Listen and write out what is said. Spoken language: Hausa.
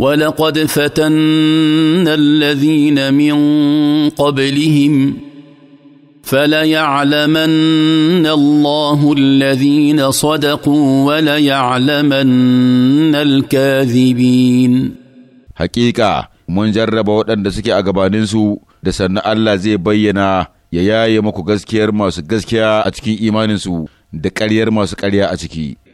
ولقد فتنا الذين من قبلهم فليعلمن الله الذين صدقوا وليعلمن الكاذبين حقيقة mun jarraba waɗanda suke a gabaninsu da sannan Allah zai bayyana ya yaye muku gaskiyar masu gaskiya a cikin imaninsu da ƙaryar masu ƙarya a ciki.